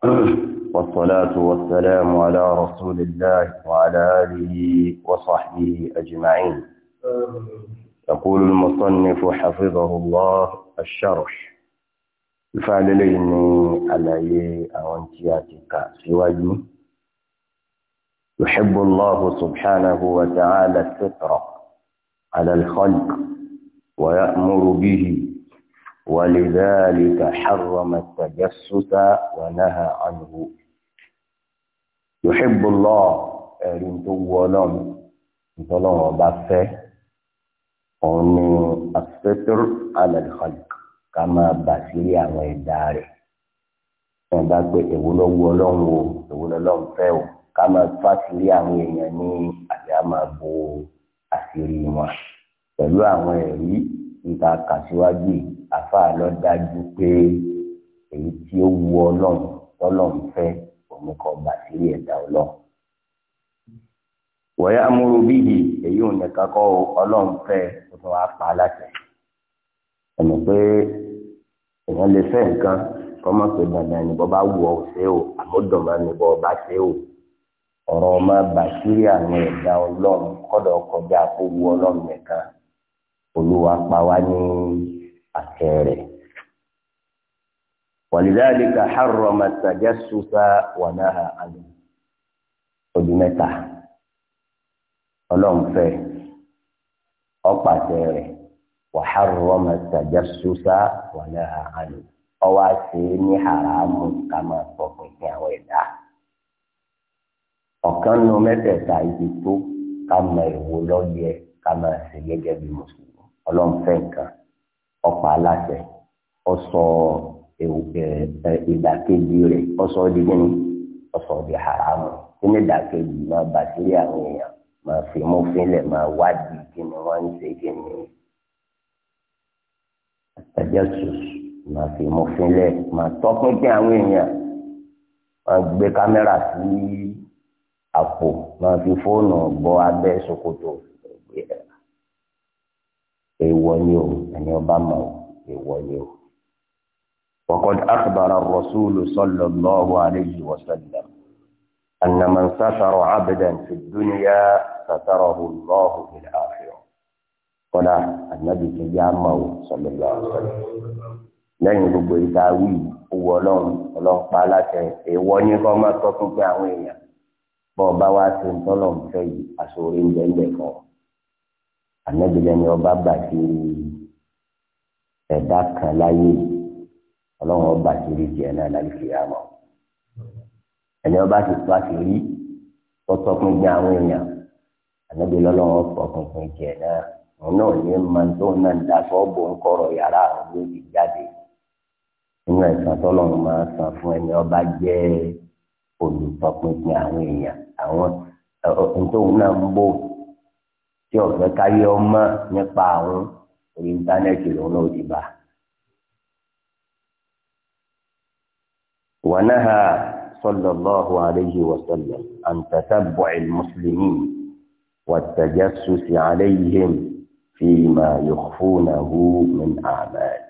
والصلاة والسلام على رسول الله وعلى آله وصحبه أجمعين يقول المصنف حفظه الله الشرح الفعل ليني على أونتياتك سواجه يحب الله سبحانه وتعالى الفطرة على الخلق ويأمر به ولذلك حرم التجسس ونهى عنه يحب الله ẹ̀rín tó wọ ọlọ́run أن ọba على الخلق كما asẹ́tọ́rọ̀ alẹ́dẹ́kọ̀lẹ́kọ̀ الدار. máa bà sílé àwọn ẹ̀dá rẹ̀ ẹ̀ bá pé èwo ló wọ ọlọ́run o èwo fẹ́ o ká máa fà àwọn èèyàn ní àbí máa bo àṣírí wọn pẹ̀lú àwọn ẹ̀rí níta kàṣíwájú yìí àfa lọ dájú pé èyí tí ó wu ọlọ́run tọ́lọ́run fẹ́ òun kọ bàṣírí ẹ̀dá ọlọ́run. wọ̀nyá amúrú bíyì èyí ò ní kakọ́ ọlọ́run fẹ́ ó tún wá pa á láṣẹ. ẹ̀mọ̀ pé èèyàn lè fẹ́ nǹkan kọ́ mọ̀ pé dandan ni bọ́ bá wù ọ́ ṣe o àmúdùnmá ni bọ́ bá ṣe o ọ̀rọ̀ ọmọ bàṣírí àwọn ẹ̀dá ọlọ́run kọ́dọ̀ kọjá kó wu ọlọ́run nìkan olúwa pa wá ní àtẹ rẹ̀. wàlídàálíkà harrama tajassusa wa naha àlù odi mẹ́ta ọlọ́nfẹ́ ọ̀pàtẹ rẹ̀ wa harrama tajassusa wa naha àlù ọwọ́ àti ní haramu ká máa fọkàn sí àwọn ẹ̀dá ọ̀kan nu mẹ́tẹ̀ẹ̀ta ibi tó ká mọ ìwò lọ́yẹ ká máa ṣe gẹ́gẹ́ bí mùsùlùmí ọlọ́nfẹ́ nǹkan ọ̀pá aláṣẹ ọ̀sọ̀ ìdàkejì rẹ̀ ọ̀sọ̀ di gíní ọ̀sọ̀ di haramu kí ni ìdàkejì máa bà sílé àwọn èèyàn máa fi mú fínlẹ̀ máa wádìí kí ni wọ́n ń ṣe kí ni àtẹ̀jẹ́sùs máa fi mú fínlẹ̀ máa tọpinpin àwọn èèyàn máa gbé kámẹ́rà sí àpò máa fi fóònù bọ abẹ́ ṣòkòtò èèwọ̀ ni o ẹni ọba mọ̀ èèwọ̀ ni o. وقد أخبر الرسول صلى الله عليه وسلم أن من ستر عبدا في الدنيا ستره الله في الآخرة قال النبي كيامه صلى الله عليه وسلم lẹ́yìn gbogbo ìdáwí owó ọlọ́run ọlọ́run pa aláṣẹ èèwọ̀ ní kọ́ máa tọ́ fún pé àwọn èèyàn bọ́ọ̀ bá wá ṣe ń tọ́lọ̀ ń fẹ́ yìí àṣọ orí ń bẹ́ẹ̀ bẹ́ẹ̀ kan. ànábìlẹ̀ ni ọba bàtìrì ẹ̀dá kan láyé ọlọ́run ọba àtìrí tiẹ̀ náà láyé kìyàmọ́ ẹni ọba ti tó àtìrí tọ́tọ́ pín gbé àwọn èèyàn náà òun náà ní ma náà da sọ́ọ̀bù ńkọ̀rọ̀ yàrá àwọn jáde nínú tí ọ̀fẹ́ káyé ọmọ nípa àwọn orí íńtánẹ́ẹ̀tì lòun náà ti ونهي صلي الله عليه وسلم عن تتبع المسلمين والتجسس عليهم فيما يخفونه من أعمال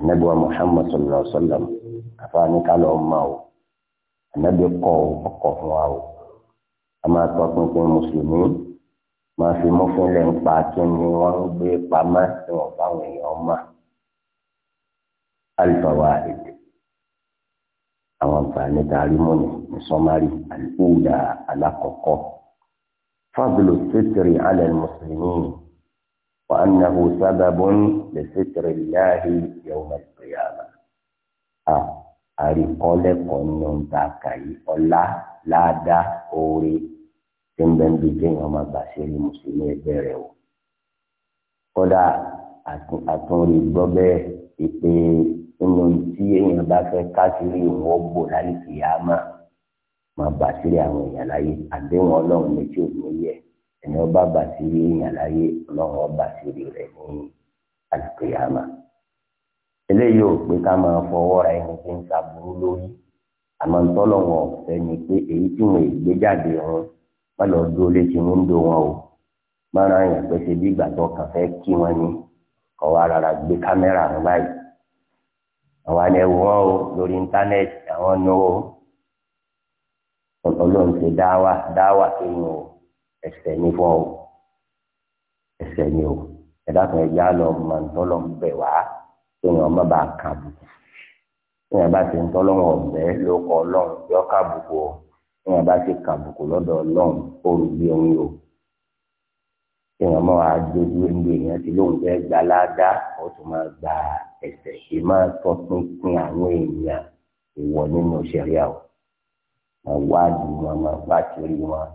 النبي محمد صلى الله عليه وسلم أفاني قال أمه النبي قوم قوم أما تطنق المسلمين máa fi mú fúnlẹ̀ ń pa kí ni wọ́n ń gbé pamọ́ tí wọ́n fáwọn èèyàn mọ́ alifawa èdè àwọn àǹfààní tààrí mọ́ni ní sọ́márì àlùkùdà alákọ̀ọ́kọ́ fábùlù sítìrì alẹ́ mùsùlùmí wa annahu sábàbùn lè sítìrì láàyè yawm al-qiyamah a àríkọ́lẹ́kọ̀ọ́ ní ọ̀ǹda kàyí ọ̀la ládàá oore ṣé ń bẹ ń bi kéèyàn máa gbà ṣe rí mùsùlùmí ẹgbẹ́ rẹ̀ o kódà àtúnrí gbọ́ bẹ́ẹ̀ ìpè nínú tí èèyàn bá fẹ́ káàkiri ìwọ̀n bò láyé kìyàmá máa bà sírí àwọn èèyàn láyé àdéhùn ọlọ́run létí òní yẹ ẹni ọba bà sírí èèyàn láyé ọlọ́run ọba sírí rẹ̀ ní àlùkìyàmá eléyìí ò pé ká máa fọwọ́ ra ẹni tí ń sa burú lórí àmọ́ ntọ́lọ́wọ̀n ọ̀fẹ́ ni pé èyí tí wọ́n ègbé jáde ọ̀hún má lọ dúró létí wíńdò wọn o má ra àyàn bí ìgbà tó kàn fẹ́ kí wọ́n ní kọ́ wa rárá gbé kámẹ́rà ń báyìí àwọn àlẹ́ wọn o lórí íńtánẹ́ẹ̀tì àwọn ní o ọlọ́run ṣe dáwà dáwà sínú ẹsẹ̀ ní fún o ẹsẹ̀ ní o ẹ̀dá kan ẹ̀yà lọ mọ̀ ntọ́lọ́ bẹ̀ wá tó yàn má bàa kàbùkù tó yàn bá ti ntọ́lọ́ wọn bẹ́ẹ̀ ló kọ́ ọlọ́run yọ kàbùkù o tí wọn bá ti kàbùkù lọ́dọ̀ Ọlọ́run oru bí òun yò tí wọn máa wá dojú ẹgbẹ́ yẹn ti lóun fẹẹ gbà ládàá ó tún máa gba ẹsẹ̀ ṣe máa tọ pínpín àwọn èèyàn ìwọ nínú ṣẹ̀ríà o máa wádìí wọn máa bá kiri wọn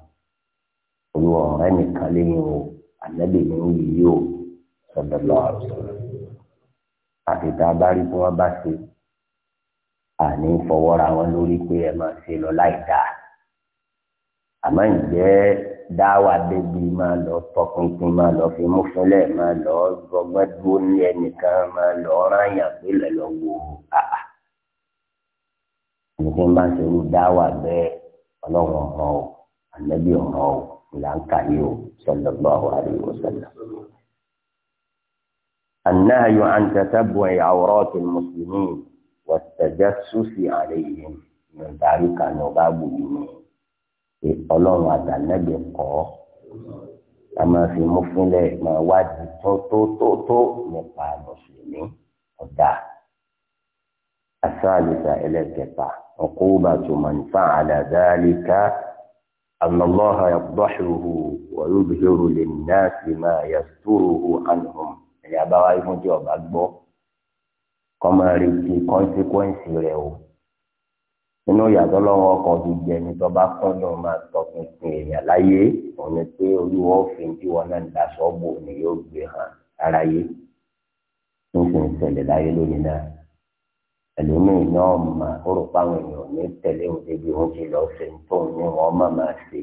olùwọ ọ̀rẹ́ nìkan lẹ́yìn o ànábì ní ń yí o sọdọlọ àrùsọlọ àfìtá bá rí bí wọn bá ṣe àní fọwọ́ra wọn lórí pé ẹ máa ṣe lọ láì dáa àmọ́ ǹjẹ́ dáwà débi máa lọ tọpinpin máa lọ fi mú fúnlẹ̀ máa lọ gbọgbẹ́ dúró ní ẹnìkan máa lọ ráyàn pélé lọ wò áà ní kí n bá ṣe irú dáwà bẹ́ẹ̀ ọlọ́run ọ̀ràn o ànábì ọ̀ràn o ìlànkà yìí o sallallahu alaihi wasallam. النهي عن تتبع عورات المسلمين والتجسس عليهم من ذلك نباب يمين ọlọ́run àtàlẹ́gbẹ̀ẹ́ kọ́ a máa fi mú fúnlẹ̀ máa wádìí tó tó tó tó nípa mùsùlùmí ọ̀dà asáàlùsà ẹlẹ́kẹta uqubatu man fa'ala dhalika anna Allaha yafdahuhu wa yubhiru lin-nasi ma yasturuhu anhum ẹ̀yà bá wáyé fún tí ọba gbọ́ kọ́ máa rẹ̀ o nínú ìyàtọ̀ lọ́wọ́ ọkọ̀ fi jẹ ní tọ́ba kún ní o máa tọpinpin èèyàn láyé òun ni pé olúwa òfin tí wọn náà daṣọ bò ni yóò gbé hàn ara yé tó sì ń ṣẹlẹ̀ láyé lónìí náà ẹlòmíì náà mà ó rò páwọn èèyàn ní tẹ̀lé òun débi òun ti lọ ṣe ń tóun ní wọn má máa ṣe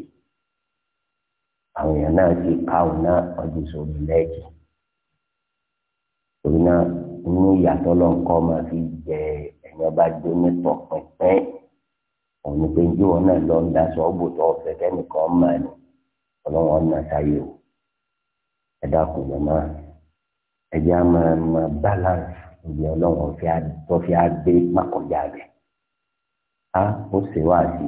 àwọn èèyàn náà ti ká òun náà ọdún sórí lẹ́ẹ̀kì torí náà inú ìyàtọ̀ lọ́nkọ́ máa fi jẹ ẹ̀yàn bá jó ní tọpinpin òun pé njẹ́ òun náà lọ ń da sọ́ọ̀bù tó ọ̀fẹ́ kẹ́nìkan máa ní ọlọ́wọ́n ọ̀nà sáyé o ẹ dákun lọ́mọ ẹ jẹ́ á máa máa balance ìdí ọlọ́wọ́n tó fi á gbé mákọjá rẹ̀ á ó ṣe wá sí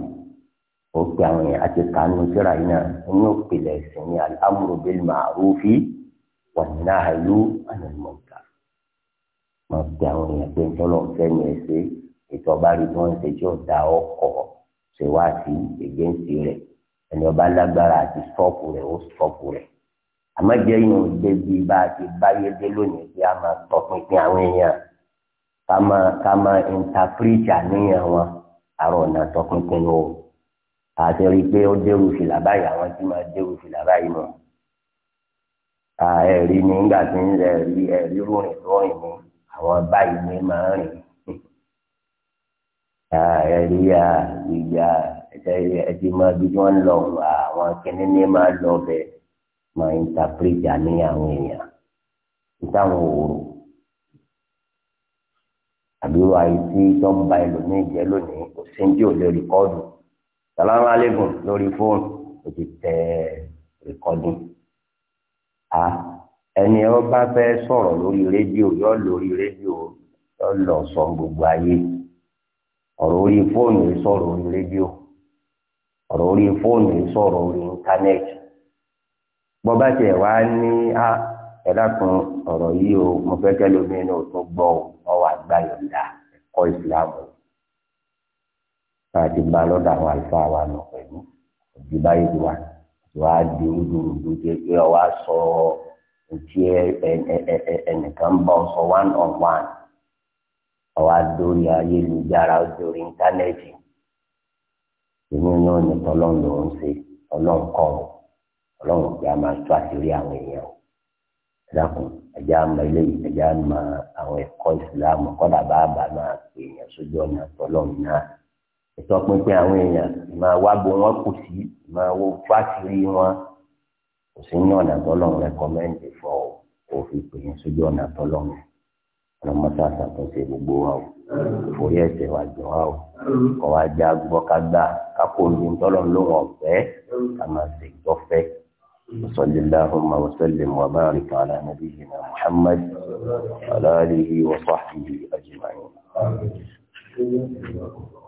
ó pe àwọn èèyàn àti kánú síra yìí náà ní òpìlẹ̀ ẹ̀sìn ní al-amru bil ma'rufi wan-nahyu 'anil munkar máa pe àwọn èèyàn pé ntọ́lọ́ fẹ́ ni ẹ ṣe ètò ọba rí tí wọ́n ń ṣe tí ó da ọkọ̀ ṣe wá sí ègéǹsì rẹ̀ ẹni ọba lágbára àti stọ́ọ̀pù rẹ̀ ó stọ́ọ̀pù rẹ̀ àmọ́jẹ́ yìí ń gbé bí bá a ti báyé dé lónìí bí a máa tọpinpin àwọn èèyàn ká máa ká máa interpret àníyàn wọn àrò ọ̀nà tọpinpin o àti rí i pé ó dérú fìlà báyìí àwọn tí máa dérú fìlà báyìí mọ̀ ẹ̀rí ni nígbà tí ẹ̀rí ẹ̀rí rúrin tó rìn ní àwọn báyìí ni máa rìn Ya, ìyá ẹ̀dí máa bí wọ́n lọ àwọn kìnínní ní máa lọ bẹ̀ máa ìntàpírìtì àní àwọn èèyàn ìtàwọn òòrùn àbúrò àìsí tó ń ba ẹlòmíì jẹ lónìí kò sí ní tí ò lè rìkọ́dù sàlámù alẹ́gùn lórí fóònù ó ti tẹ rìkọ́dù a ẹni ọ bá fẹ́ lórí rédíò yọ lórí rédíò yọ lọ sọ gbogbo ayé. ọ̀rọ̀ orí fóònù yìí sọ̀rọ̀ orí rédíò ọ̀rọ̀ orí fóònù yìí sọ̀rọ̀ orí íńtánẹ́ẹ̀tì bọ́bá tiẹ̀ wá ní á ẹ̀dá kan ọ̀rọ̀ yìí o mo fẹ́ kẹ́ lómi inú tó gbọ́ ẹ̀kọ́ ìsìlámù láti lọ́dọ̀ àwọn àlùfáà wa nù pẹ̀lú wá wá ọ sọ one on one. ọwọ́ adórí ayélujára adórí íńtánẹ́ẹ̀tì èmi náà ní tọ́lọ́run ló ń ṣe ọlọ́run kọ́ ọ ọlọ́run kí a máa tó àṣírí àwọn èèyàn dákun ẹja ama eléyìí ẹja ama àwọn ẹ̀kọ́ ìsìlámù kọ́dà bá a bá máa pè èèyàn sójú ọ̀nà tọ́lọ́run náà ètò pínpín àwọn èèyàn máa wá bo wọn kù sí máa wo fásitì wọn kò sí ní ọ̀nà tọ́lọ́run rẹ̀kọ́mẹ́ǹdì fọ́ òfin pè é sójú ọ̀nà tọ́lọ́run ọlọmọta ṣàtúnṣe gbogbo wa o forí ẹsẹ̀ wa jọ wa o kọ wa já gbọ́ ká gbá kákó ní tọlọ lóhùn ọ̀fẹ́ ká máa ṣe gbọfẹ وصلى اللهم وسلم وبارك على نبينا محمد وعلى اله وصحبه اجمعين